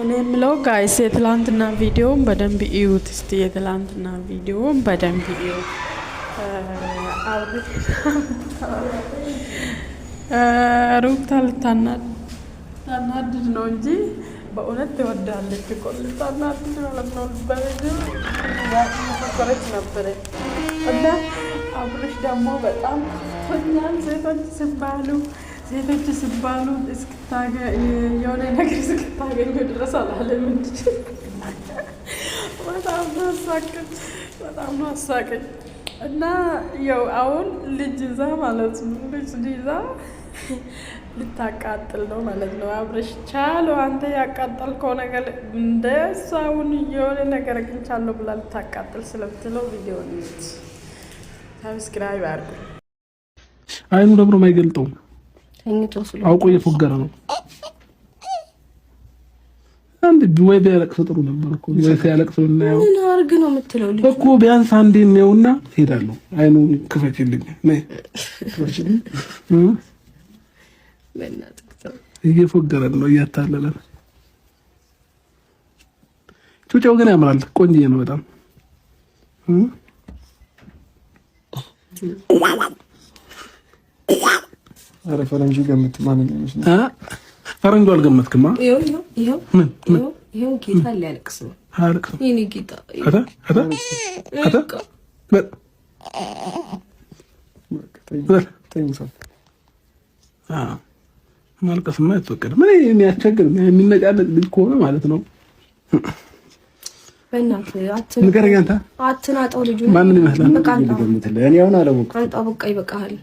እኔ የምለው ጋይስ የትላንትና ቪዲዮን በደንብ እዩት እስቲ። የትላንትና ቪዲዮን በደንብ እዩ። ሩታ ልታናድድ ነው እንጂ በእውነት ትወዳለች እኮ። ልታናድድ ማለት ነው። መሰረች ነበረ እና አብርሽ ደግሞ በጣም ቶኛል ሴቶች ሲባሉ ሴቶች ሲባሉ የሆነ ነገር እስክታገኙ ድረስ አላለም። በጣም ሳቅኝ፣ በጣም ሳቅኝ እና ያው አሁን ልጅ ይዛ ማለት ነው ልጅ ይዛ ልታቃጥል ነው ማለት ነው። አብረሽ ቻለው አንተ ያቃጠልከው ነገር እንደ እሷውን የሆነ ነገር አግኝቻለሁ ብላ ልታቃጥል ስለምትለው ቪዲዮ ሰብስክራይብ አድርጉ። አይኑ ደብሮ አይገልጠውም አውቆ እየፎገረ ነው። አንድ ወይ ቢያለቅስ ጥሩ ነበር እኮ ወይ ሲያለቅስ እናየው አርግ ነው የምትለው ልጅ እኮ ቢያንስ አንዴ እናየውና ሄዳለሁ። አይኑ ክፈችልኝ ነይ እየፎገረን ነው እያታለለን። ጩጫው ግን ያምራል። ቆንጆዬ ነው በጣም እ ኧረ ፈረንጅ ገምት። ማንኛውም ይመስል ፈረንጁ አልገመትክማ። ይኸው ይኸው ይኸው ይኸው ጌታ። ማልቀስማ አይፈቀድም። ምን የሚያስቸግር የሚነጫነጭ ልጅ ከሆነ ማለት ነው። ንገረኝ አንተ አትናጠው። ልጁ ማንን ይመስላል? በቃ ይበቃሃል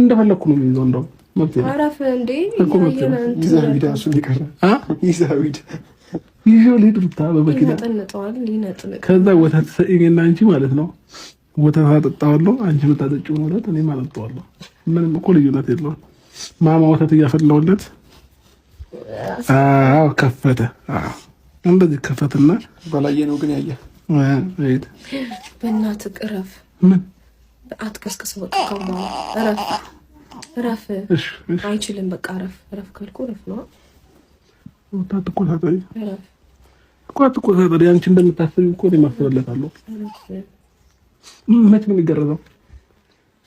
እንደፈለግኩ ነው የሚይዘው። እንደውም መብት ከዛ ወተት ሰኢኝና አንቺ ማለት ነው ወተት አጠጣዋለሁ፣ አንቺ የምታጠጪው ወተት እኔም አጠጣዋለሁ። ምንም እኮ ልዩነት የለውም። ማማ ወተት እያፈላሁለት አዎ፣ ከፈተ። አዎ፣ እንደዚህ ከፈትና በላየ ነው ግን ያየ በእናትህ ቅረፍ ምን አትቀስቅስ። በቃ አይችልም። በቃ ካልኩ ነው። አንቺ እኮ እኔ ማስበለታለሁ። መች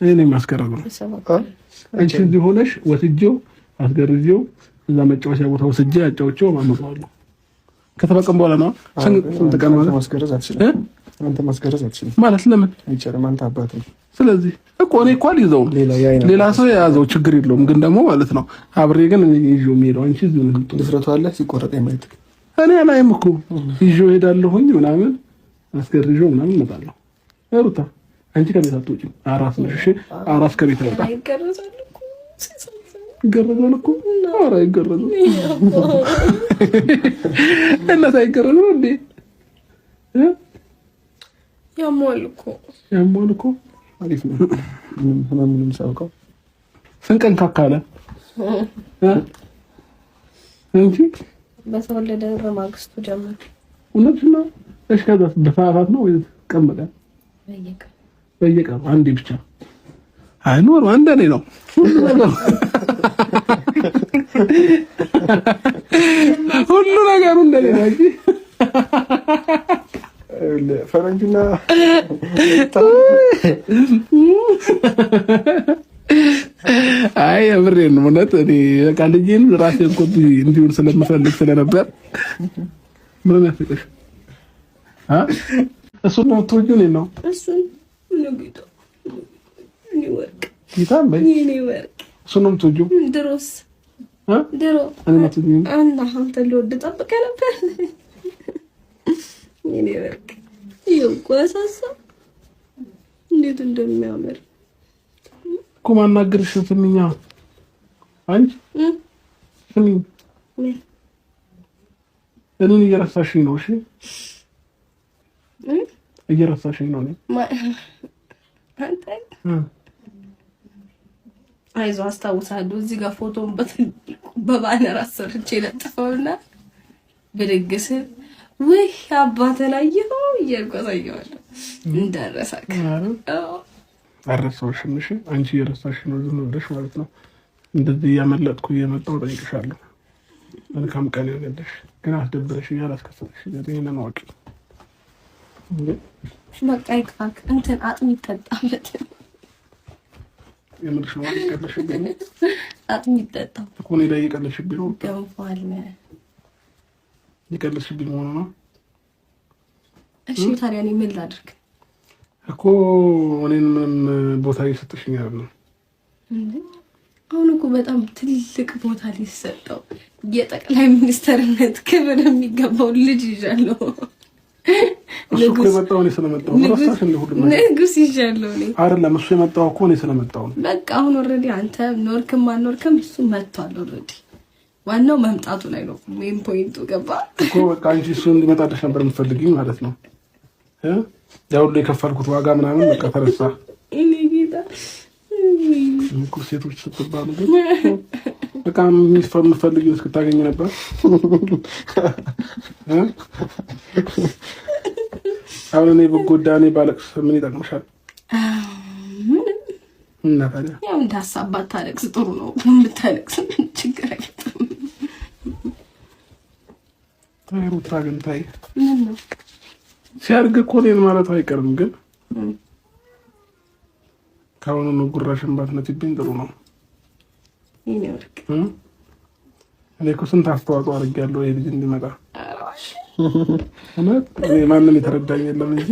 እኔ ነኝ የማስገረዘው። አንቺ እዚህ ሆነሽ ወስጄው እዛ መጫወቻ ቦታ ወስጄ አጫውቼው ከተበቀም በኋላ ነው ስንት ቀን ማለት አንተ ማስገረዝ አትችልም ማለት ለምን አይቻልም? አንተ አባት ነው። ስለዚህ እኮ እኔ እኮ አልይዘውም፣ ሌላ ሰው የያዘው ችግር የለውም። ግን ደግሞ ማለት ነው አብሬ ግን ይዤው የምሄደው አንቺ እዚሁ ነው። ድፍረቱ አለ ሲቆረጥ የማየት እኔ አላይም እኮ ይዤው እሄዳለሁኝ ምናምን አስገርዤው ምናምን እመጣለሁ። ሩታ አንቺ ከቤት አትወጪም። አራስ ነሽ እሺ? አራስ ከቤት አይወጣ ይገረዛል እኮ ይገረዛል እኮ ኧረ ይገረዛል። እናት አይገረዝም እንዴ? ያሟል እኮ ያሟል እኮ አሪፍ ነው። ምንም ሳውቀው ስንቀን ካካለ እንጂ በተወለደ በማግስቱ ጀመር። እውነት ነው። እሺ፣ ከዛ በሰዓታት ነው ወይ ቀመቀ? በየቀኑ በየቀኑ አንዴ ብቻ አይኖር አንዳንዴ ነው ሁሉ ነገሩ እንደሌላ እንጂ ፈረንጅና አይ የምሬን እውነት እኔ በቃ ልጄን ራሴን ኮፒ ስለምፈልግ ስለነበር ምን ያፍቅሽ እሱ ነው የምትወጁ እኔ ነው እሱ ነው የምትወጁ ድሮስ ድሮ አንተ ልወድ ጠብቀህ ነበር ሲያንቆሳሳ እንዴት እንደሚያምር እኮ ማናገርሽ ትንኛ አንቺ ትንኝ እኔን እየረሳሽኝ ነው። እሺ እየረሳሽኝ ነው። አይዞ አስታውሳለሁ። እዚህ ጋር ፎቶን በባነር አሰርቼ ለጥፈውና ብድግስ ውህ አባተ ላይ ይኸው እያጓዛየዋለሁ እንዳረሳክ አረሳሁሽም። እሺ አንቺ እየረሳሽ ነው ዝም ብለሽ ማለት ነው። እንደዚህ እያመለጥኩ እየመጣሁ ጠይቅሻለሁ። መልካም ቀን ይሆንልሽ። ግን አስደብረሽ አላስከሰተሽ ጤና ዋቂ በቃ ይቅፋክ። እንትን አጥሚ ይጠጣበት የምርሽ ነው። ይቀለሽብኝ አጥሚ ይጠጣ እኮ እኔ ላይ የቀለሽብኝ ነው። የቀለድሽብኝ መሆኑ ነው። እሺ ታዲያ እኔ ምን ላድርግ? እኮ እኔንም ቦታ እየሰጠሽኝ አይደለም። አሁን እኮ በጣም ትልቅ ቦታ ሊሰጠው የጠቅላይ ሚኒስተርነት ክብር የሚገባው ልጅ ይዣለሁ። የመጣው እኔ ስለመጣሁ ንጉስ ይዣለሁ። አይደለም እሱ የመጣው እኮ እኔ ስለመጣሁ በቃ አሁን ኦልሬዲ አንተ ኖርክም አልኖርክም እሱ መጥቷል ኦልሬዲ ዋናው መምጣቱ ላይ ነው። ሜን ፖይንቱ ገባ እኮ በቃ አንቺ እሱ እንዲመጣልሽ ነበር የምትፈልጊ ማለት ነው። ያ ሁሉ የከፈልኩት ዋጋ ምናምን በቃ ተረሳ። ሴቶች ስትባሉ ግን በቃ የምትፈልጊው እስክታገኝ ነበር። አሁን እኔ ብጎዳ እኔ ባለቅስ ምን ይጠቅምሻል? እና ታዲያ ያው እንደ ሀሳብ ባታለቅስ ጥሩ ነው። የምታለቅስ ችግር ሩታ ግን ታይ ሲያድግ እኮ እኔን ማለት አይቀርም። ግን ከአሁኑ ነው ጉራሽን ባትነቲብኝ ጥሩ ነው። እኔ እኮ ስንት አስተዋጽኦ አድርጌያለሁ ይሄ ልጅ እንዲመጣ። እውነት ማንም የተረዳኝ የለም እንጂ